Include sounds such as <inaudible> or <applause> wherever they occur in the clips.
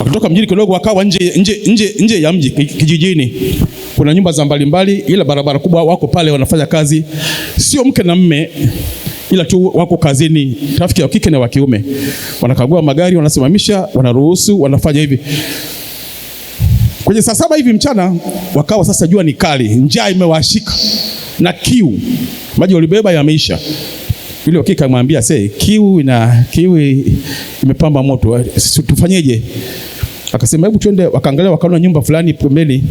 wakatoka mjini kidogo wakawa nje, nje, nje, nje ya mji kijijini, kuna nyumba za mbalimbali, ila barabara kubwa, wako pale wanafanya kazi, sio mke na mme ila tu wako kazini, trafiki ya kike na wa kiume, wanakagua magari, wanasimamisha, wanaruhusu, wanafanya hivi. Kwenye saa saba hivi mchana, wakawa sasa, jua ni kali, njaa imewashika na kiu, maji walibeba yameisha. Yule kika akamwambia see, kiu na kiwi imepamba moto, tufanyeje? Akasema hebu twende, wakaangalia wakaona nyumba fulani pembeni,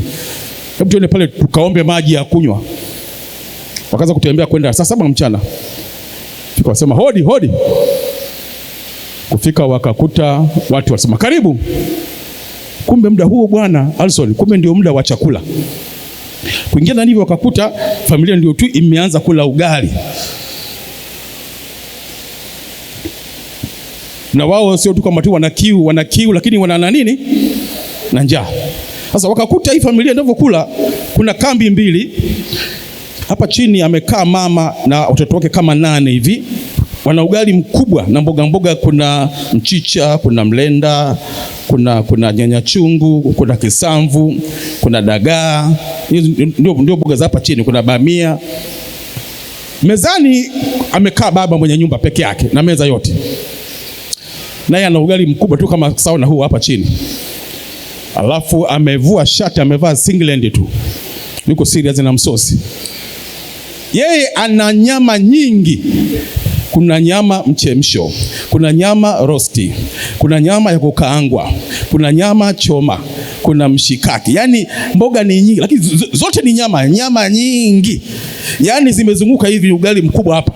hebu twende pale tukaombe maji ya kunywa. Wakaanza kutembea kwenda saa saba mchana, tukasema hodi hodi. Kufika wakakuta watu wasema karibu. Kumbe muda huo bwana Alson, kumbe ndio muda wa chakula kuingia ndani hivyo, wakakuta familia ndio tu imeanza kula ugali. na wao sio tu kwamba tu wana kiu, wana kiu lakini wana nini? Na njaa. Sasa wakakuta hii familia inavyokula, kuna kambi mbili hapa chini amekaa mama na watoto wake kama nane hivi, wana ugali mkubwa na mboga mboga, kuna mchicha, kuna mlenda, kuna, kuna nyanya chungu, kuna kisamvu, kuna dagaa, ndio mboga za hapa chini, kuna bamia. Mezani amekaa baba mwenye nyumba peke yake na meza yote naye ana ugali mkubwa tu kama sawa na huu hapa chini, alafu amevua shati, amevaa singlet tu, yuko serious na msosi. Yeye ana nyama nyingi kuna nyama mchemsho, kuna nyama rosti, kuna nyama ya kukaangwa, kuna nyama choma, kuna mshikaki. Yaani mboga ni nyingi, lakini zote ni nyama, nyama nyingi, yaani zimezunguka hivi ugali mkubwa hapa.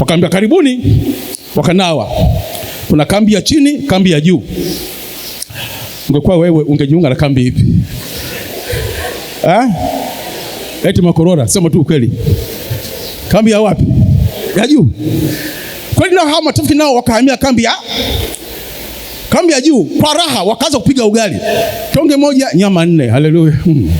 Wakaambia karibuni, wakanawa. Kuna kambi ya chini, kambi ya juu. Ungekuwa wewe ungejiunga na kambi ipi? Eti makorora, sema tu ukweli. Kambi ya wapi? Ya juu. Kweli nao hao matafiki nao wakahamia kambi ya kambi ya juu kwa raha, wakaanza kupiga ugali, tonge moja nyama nne. Haleluya! hmm.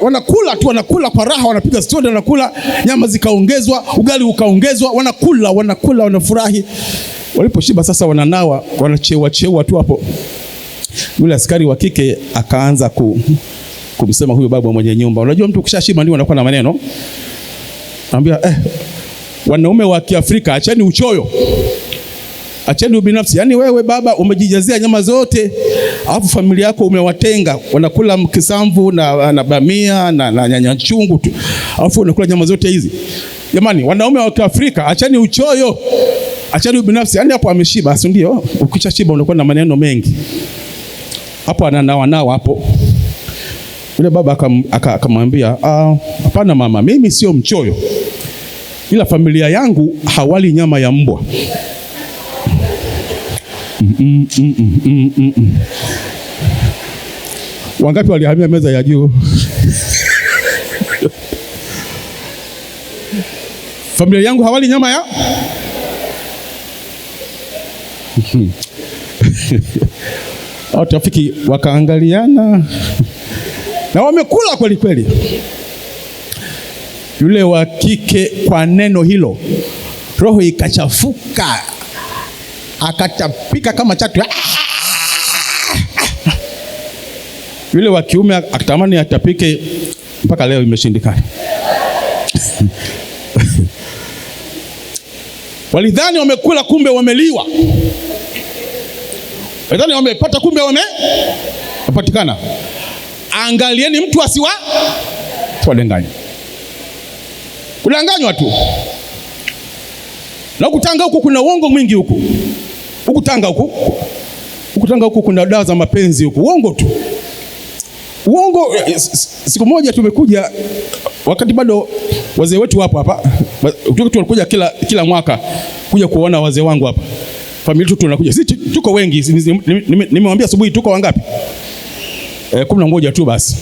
Wanakula tu, wanakula kwa raha, wanapiga stori, wanakula, nyama zikaongezwa, ugali ukaongezwa, wanakula, wanakula, wanafurahi. Waliposhiba sasa, wananawa wanachewa chewa tu hapo, yule askari wa kike akaanza ku, kumsema huyo babu mwenye nyumba. Unajua mtu ukishashiba ndio anakuwa na maneno, anambia eh, wanaume wa Kiafrika acheni uchoyo, acheni ubinafsi. Yaani wewe baba umejijazia nyama zote, alafu familia yako umewatenga, wanakula mkisamvu na, na bamia na, na nyanya chungu tu, alafu unakula nyama zote hizi. Jamani, wanaume wa Kiafrika acheni uchoyo achali binafsi, yani hapo ameshiba, si ndio? shiba unakuwa na maneno mengi. Hapo ananawa nawa hapo, yule baba akamwambia ah, hapana, mama, mimi sio mchoyo, ila familia yangu hawali nyama ya mbwa. -mm, mm -mm, mm -mm, mm. mm. Wangapi walihamia meza ya juu? <laughs> familia yangu hawali nyama ya au trafiki wakaangaliana na wamekula kweli kweli. Yule wa kike kwa neno hilo roho ikachafuka, akatapika kama chatu. Yule wa kiume akatamani atapike, mpaka leo imeshindikana. <laughs> Walidhani wamekula, kumbe wameliwa. Wengine wamepata kumbe wamepatikana. Angalieni mtu asiwa wadanganya, kudanganywa tu na ukutanga huku kuna uongo mwingi huku huku Tanga huku huku Tanga huku kuna dawa za mapenzi huku, uongo tu uongo. Eh, eh, siku moja tumekuja wakati bado wazee wetu wapo hapa, tunakuja kila, kila mwaka kuja kuona wazee wangu hapa familia tu tunakuja sisi, tuko wengi. Nimemwambia asubuhi, tuko wangapi? E, kumi na moja tu basi.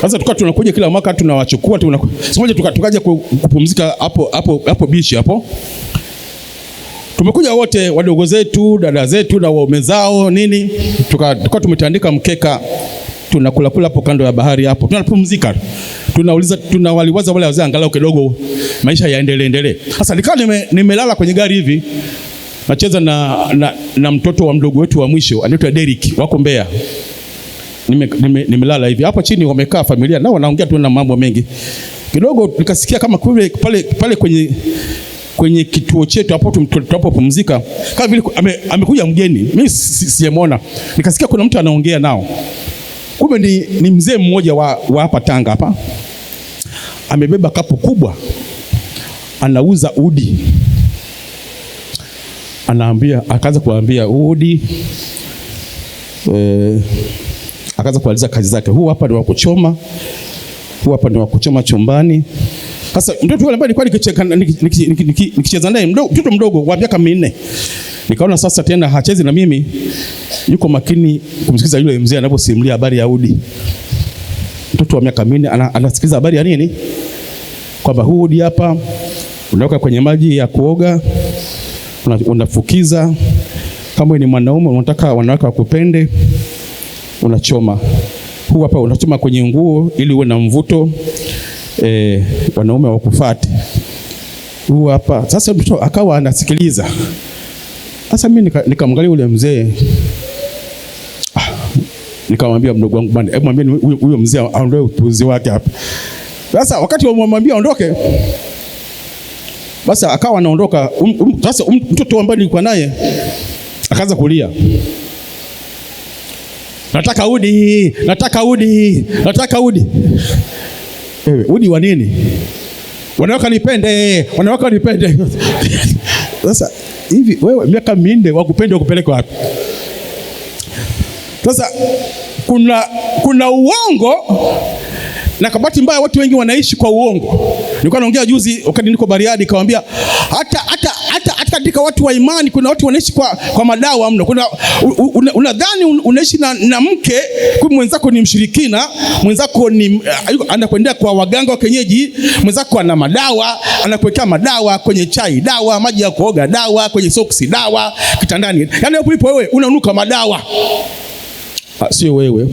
Sasa tukawa tunakuja kila mwaka tunawachukua, tu. tunakuja tukaja kupumzika hapo hapo hapo beach hapo. Tumekuja wote, wadogo zetu, dada zetu na waume zao nini, tukawa tumetandika mkeka tunakula kula hapo kando ya bahari hapo, tunapumzika, tunauliza, tunawaliwaza wale wazee, angalau kidogo maisha yaendelee endelee. Sasa nikawa nimelala nime kwenye gari hivi nacheza na, na, na mtoto wa mdogo wetu wa mwisho anaitwa Derek, wako Mbeya. Nimelala nime, nime hivi hapa chini, wamekaa familia nao wanaongea tu na mambo mengi kidogo, nikasikia kama kule pale, pale kwenye kwenye kituo chetu hapo tunapopumzika, kama vile amekuja mgeni, mimi sijamwona. Nikasikia kuna mtu anaongea nao, kumbe ni, ni mzee mmoja wa, wa hapa Tanga hapa, amebeba kapu kubwa, anauza udi anaambia akaanza kuambia udi eh, akaanza kualiza kazi zake, huu hapa ni wa kuchoma, huu hapa ni wa kuchoma chumbani. Sasa mtoto yule ambaye nilikuwa nikicheza naye mdogo, mtoto mdogo wa miaka minne, nikaona sasa tena hachezi na mimi, yuko makini kumsikiliza yule mzee anaposimulia habari ya udi. Mtoto wa miaka minne anasikiliza habari ya nini? Kwamba huu udi hapa unaweka kwenye maji ya kuoga unafukiza. Kama ni mwanaume unataka wanawake wakupende, unachoma huu hapa, unachoma kwenye nguo ili uwe na mvuto e, wanaume wakufate. Huu hapa sasa, mtoto akawa anasikiliza. Sasa mimi nikamwangalia nika ule mzee ah, nikamwambia mdogo wangu bwana, hebu mwambie huyo mzee aondoe upuzi wake hapa. Sasa wakati wamwambia aondoke basa akawa anaondoka. Um, um, sasa um, um, mtoto ambaye nilikuwa naye akaanza kulia, nataka udi, nataka udi, nataka udi. Ewe udi wa nini? wanaweka nipende, wanaweka nipende. <laughs> Sasa hivi wewe miaka minne wakupende wakupeleka wapi? Sasa kuna, kuna uongo na kabati mbaya, watu wengi wanaishi kwa uongo Nilikuwa naongea juzi wakati niko Bariadi, nikamwambia hata hata hata hata katika watu wa imani kuna watu wanaishi kwa, kwa madawa mno. Kuna unadhani una unaishi na, na mke kwa mwenzako ni mshirikina, mwenzako ni uh, anakwenda kwa waganga wa kienyeji, mwenzako ana madawa, anakuwekea madawa kwenye chai, dawa maji ya kuoga, dawa kwenye soksi, dawa kitandani. Yaani hapo ulipo wewe unanuka madawa. Ah, sio wewe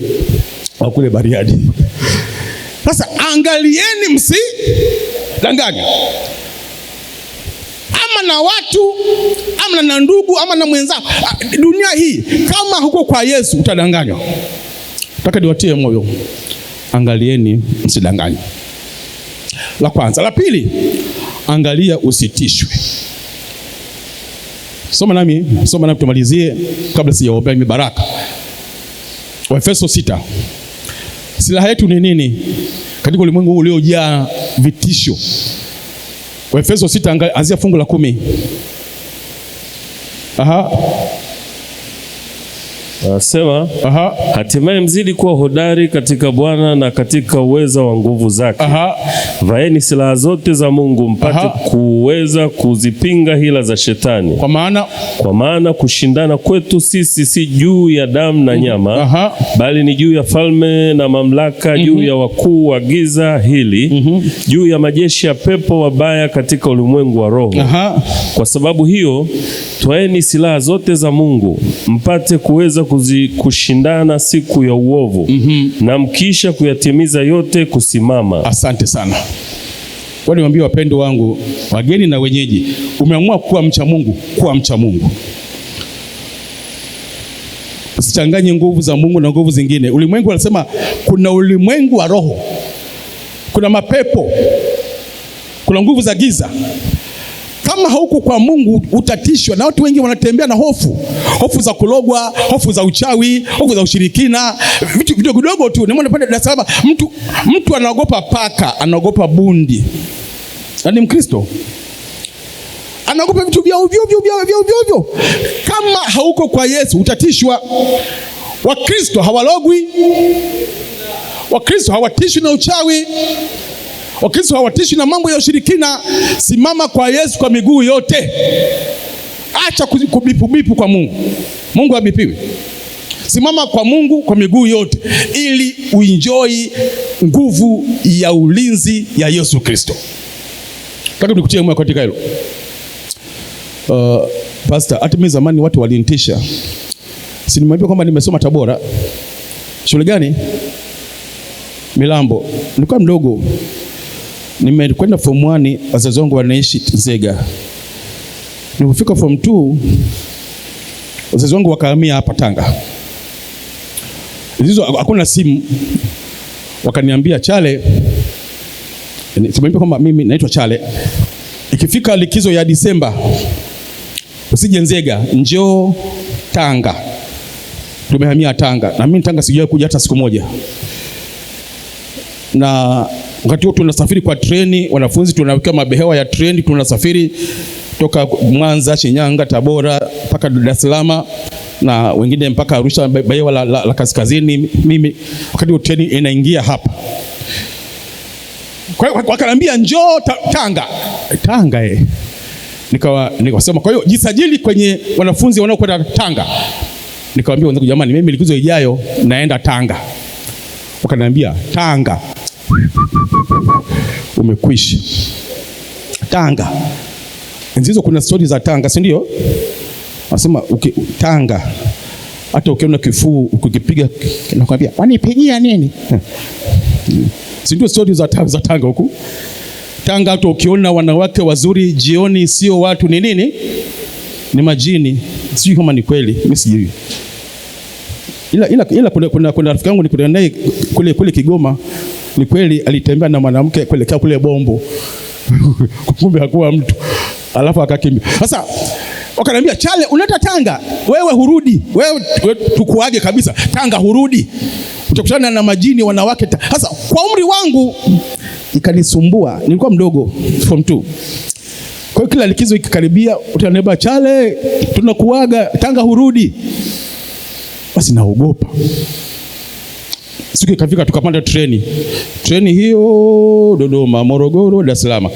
wakule Bariadi. Sasa angalieni msi za ama na watu ama na ndugu ama na mwenzako. Ah, dunia hii kama huko kwa Yesu utadanganywa. Nataka niwatie moyo, angalieni msidanganywe. La kwanza. La pili, angalia usitishwe. Soma nami, soma nami tumalizie, kabla sijaombea mimi baraka. Waefeso sita. Silaha yetu ni nini katika ulimwengu uliojaa vitisho. Waefeso 6 anzia fungu la kumi. Aha. Anasema hatimaye mzidi kuwa hodari katika Bwana na katika uweza wa nguvu zake. Vaeni silaha zote za Mungu mpate Aha. kuweza kuzipinga hila za shetani. Kwa maana kwa maana kushindana kwetu sisi si juu ya damu na nyama Aha. bali ni juu ya falme na mamlaka, juu mm -hmm. ya wakuu wa giza hili mm -hmm. juu ya majeshi ya pepo wabaya katika ulimwengu wa roho Aha. kwa sababu hiyo twaeni silaha zote za Mungu mpate kuweza kuzi, kushindana siku ya uovu mm -hmm. na mkisha kuyatimiza yote kusimama. Asante sana. Niwaambie wapendo wangu, wageni na wenyeji, umeamua kuwa mcha Mungu, kuwa mcha Mungu, usichanganye nguvu za Mungu na nguvu zingine. Ulimwengu anasema kuna ulimwengu wa roho, kuna mapepo, kuna nguvu za giza. Kama hauko kwa Mungu utatishwa, na watu wengi wanatembea na hofu, hofu za kulogwa, hofu za uchawi, hofu za ushirikina, vitu vidogo vidogo tu. Nimeona pale Dar es Salaam mtu, mtu anaogopa paka, anaogopa bundi, na ni Mkristo anaogopa vitu vya ovyo ovyo ovyo ovyo. Kama hauko kwa Yesu utatishwa. Wakristo hawalogwi, Wakristo hawatishwi na uchawi. Wakristo hawatishi na mambo ya ushirikina. Simama kwa Yesu kwa miguu yote, acha kubipubipu kwa Mungu. Mungu abipiwe. Simama kwa Mungu kwa miguu yote, ili uinjoi nguvu ya ulinzi ya Yesu Kristo. Nataka nikutie moyo katika hilo. Uh, pastor, hata mimi zamani watu walinitisha. Si nimwambia kwamba nimesoma Tabora. Shule gani? Milambo. Nilikuwa mdogo nimekwenda form 1, wazazi wangu wanaishi Nzega. Nilipofika form 2, wazazi wangu wakahamia hapa Tanga. Hizo hakuna simu, wakaniambia Chale, kwamba mimi naitwa Chale, ikifika likizo ya Disemba usije Nzega, njoo Tanga. Tumehamia Tanga na mimi Tanga sijawahi kuja hata siku moja na Wakati huo tunasafiri kwa treni, wanafunzi tunawekewa mabehewa ya treni, tunasafiri toka Mwanza, Shinyanga, Tabora mpaka Dar es Salaam na wengine mpaka Arusha, behewa la, la, la kaskazini. Mimi wakati huo treni inaingia hapa kwa hiyo wakaniambia njoo ta, Tanga Tanga eh. Nikawa nikasema kwa hiyo jisajili kwenye wanafunzi wanaokwenda Tanga. Nikawaambia wenzangu, jamani, mimi likizo ijayo naenda Tanga. Wakaniambia Tanga umekwisha. Tanga enzi hizo kuna stori za Tanga, si ndio? Nasema Tanga hata ukiona kifuu ukikipiga nakwambia wanipigia nini? <laughs> si ndio? Stori za Tanga, za Tanga huku Tanga hata ukiona wanawake wazuri jioni, sio watu ni nini? Ni majini. Sijui kama ni kweli, mimi sijui, ila, ila, ila kuna, kuna, kuna rafiki yangu nikutana naye kule, kule Kigoma ni kweli alitembea na mwanamke kuelekea kule Bombo <laughs> kumbe hakuwa mtu, alafu akakimbia. Sasa wakaniambia Chale, unaleta Tanga wewe, hurudi wewe, tukuage kabisa, Tanga hurudi, utakutana na majini wanawake. Sasa kwa umri wangu ikanisumbua, nilikuwa mdogo form 2 kwa kila likizo ikikaribia, utaniambia Chale, tunakuaga Tanga hurudi, basi naogopa. Siku ikafika tukapanda treni, treni hiyo Dodoma, Morogoro, Dar es Salaam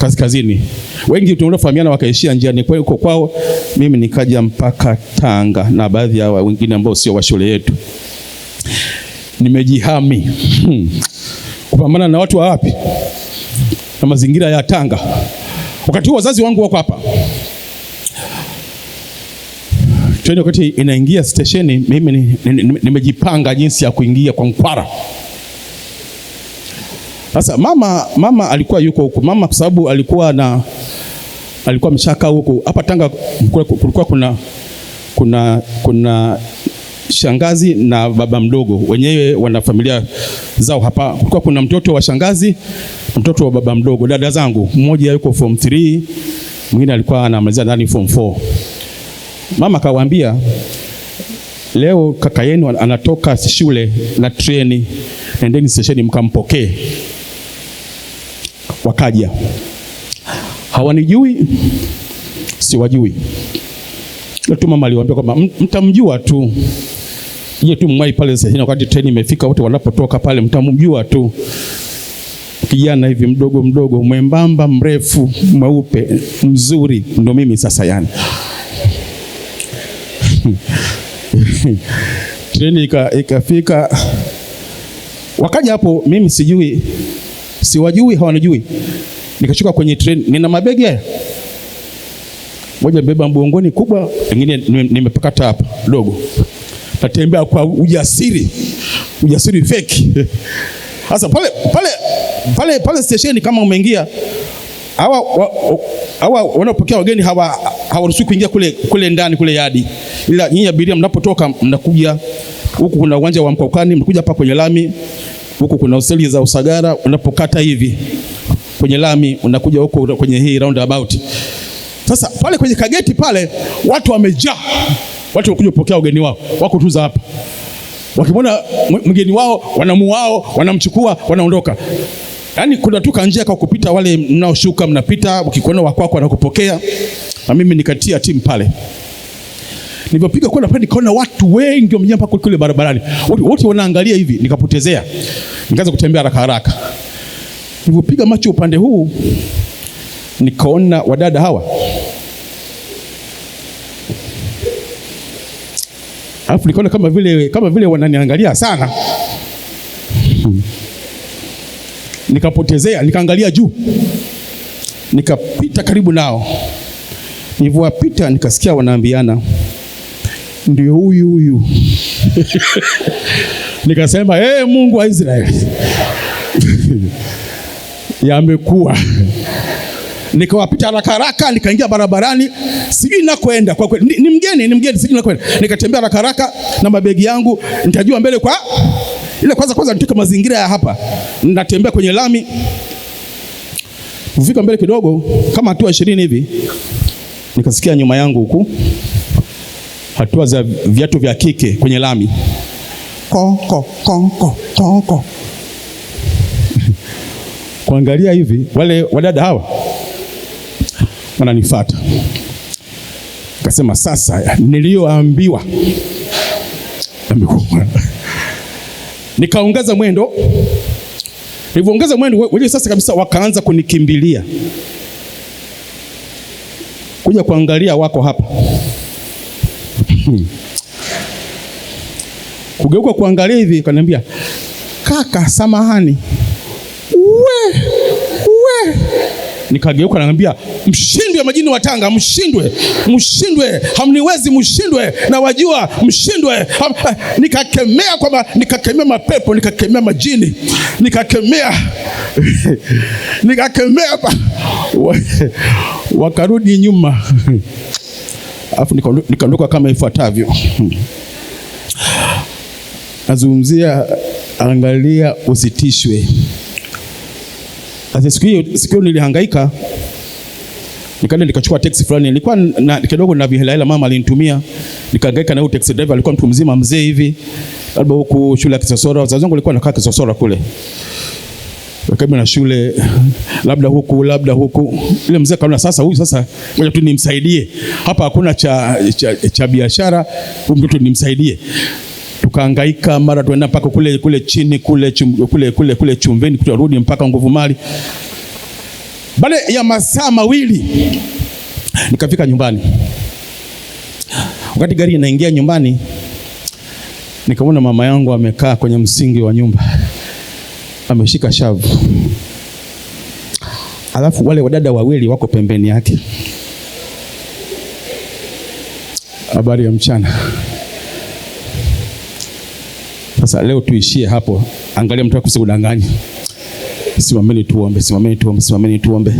kaskazini. Wengi tunaofahamiana wakaishia njiani kwa huko kwao, mimi nikaja mpaka Tanga na baadhi ya wengine ambao sio wa shule yetu. Nimejihami hmm. kupambana na watu wa wapi na mazingira ya Tanga. Wakati huo wazazi wangu wako hapa Treni wakati inaingia stesheni, mimi nimejipanga jinsi ya kuingia kwa mkwara. Sasa mama, mama alikuwa yuko huko mama, kwa sababu alikuwa na alikuwa ameshakaa huko hapa Tanga. Kulikuwa kuna, kuna, kuna shangazi na baba mdogo, wenyewe wana familia zao hapa. Kulikuwa kuna mtoto wa shangazi, mtoto wa baba mdogo. Dada zangu mmoja yuko form 3, mwingine alikuwa anamaliza ndani form Mama akawaambia leo kaka yenu anatoka shule na treni, endeni stesheni mkampokee. Wakaja, hawanijui siwajui, ila tu mama aliwaambia kwamba mtamjua tu yeye tu mwai pale stesheni, wakati treni imefika, wote wanapotoka pale mtamjua tu, kijana hivi mdogo mdogo, mwembamba, mrefu, mweupe, mzuri, ndo mimi sasa yani <laughs> treni ikafika wakaja hapo, mimi sijui, siwajui, hawanijui. Nikashuka kwenye treni, nina mabegi haya moja beba mgongoni kubwa, pengine nimepakata hapa dogo, natembea kwa ujasiri, ujasiri feki <laughs> sasa. pale pale pale pale stesheni, kama umeingia hawa hawa wanaopokea wageni hawa hawaruhusiwi kuingia kule, kule ndani kule yadi, ila nyinyi abiria mnapotoka mnakuja huku, kuna uwanja wa Mkwakwani, mnakuja hapa kwenye lami huku, kuna hoteli za Usagara, unapokata hivi kwenye lami unakuja huko kwenye hii roundabout. Sasa pale kwenye kageti pale watu wamejaa, watu wakuja kupokea ugeni wao, wako tuza hapa, wakimwona mgeni wao wanamuao wanamchukua, wanaondoka. Yaani kuna tu kanjia kwa kupita, wale mnaoshuka mnapita, ukikuona wa kwako anakupokea. Na mimi nikatia timu pale, nilipopiga kona pale nikaona watu wengi wamejaa mpaka kule barabarani, wote wanaangalia hivi, nikapotezea, nikaanza kutembea haraka haraka. Nilipopiga macho upande huu, nikaona wadada hawa, alafu nikaona kama vile, kama vile wananiangalia sana nikapotezea, nikaangalia juu, nikapita karibu nao. Nilivyowapita nikasikia wanaambiana, ndio huyu huyu. <laughs> Nikasema, hey, eh, Mungu wa Israeli, <laughs> yamekuwa nikawapita haraka haraka, nikaingia barabarani, sijui nakwenda kwa kweli, ni mgeni, ni mgeni, sijui nakwenda, nikatembea haraka haraka na mabegi yangu, nitajua mbele kwa ile kwanza kwanza nitoke mazingira ya hapa, natembea kwenye lami, kufika mbele kidogo kama hatua ishirini hivi, nikasikia nyuma yangu huku hatua za viatu vya kike kwenye lami konko konko konko. <laughs> Kuangalia hivi, wale wadada hawa wananifuata. Kasema sasa niliyoambiwa Nikaongeza mwendo, nilivyoongeza mwendo wewe sasa kabisa wakaanza kunikimbilia kuja kuangalia wako hapa <laughs> kugeuka kuangalia hivi, kaniambia kaka, samahani, we we Nikageuka naambia, mshindwe majini wa Tanga, mshindwe, mshindwe, hamniwezi, mshindwe, na wajua mshindwe. Eh, nikakemea kwamba, nikakemea mapepo, nikakemea majini, nikakemea <laughs> nikakemea <laughs> wakarudi nyuma, alafu nikaondoka kama ifuatavyo. Nazungumzia, angalia, usitishwe. Sasa siku hiyo siku nilihangaika, nikaenda nikachukua taxi fulani, nilikuwa na kidogo na vihela hela mama alinitumia, nikahangaika na huyo taxi driver, alikuwa mtu mzima mzee hivi, labda huku shule ya Kisosora, wazazi wangu walikuwa nakaa Kisosora kule karibu na shule, labda huku labda huku. Ile mzee kaona sasa, huyu sasa, ngoja tu nimsaidie hapa, hakuna cha, cha, cha biashara, huyu mtoto nimsaidie tukaangaika mara tuenda mpaka kule kule chini kule chum, kule kule kule chumveni, tutarudi mpaka nguvu mali. Baada ya masaa mawili nikafika nyumbani. Wakati gari inaingia nyumbani, nikamwona mama yangu amekaa kwenye msingi wa nyumba ameshika shavu, alafu wale wadada wawili wako pembeni yake. Habari ya mchana. Sasa leo tuishie hapo. Angalia mtu akusikudanganyi. Simameni tuombe, simameni tuombe, simameni tuombe.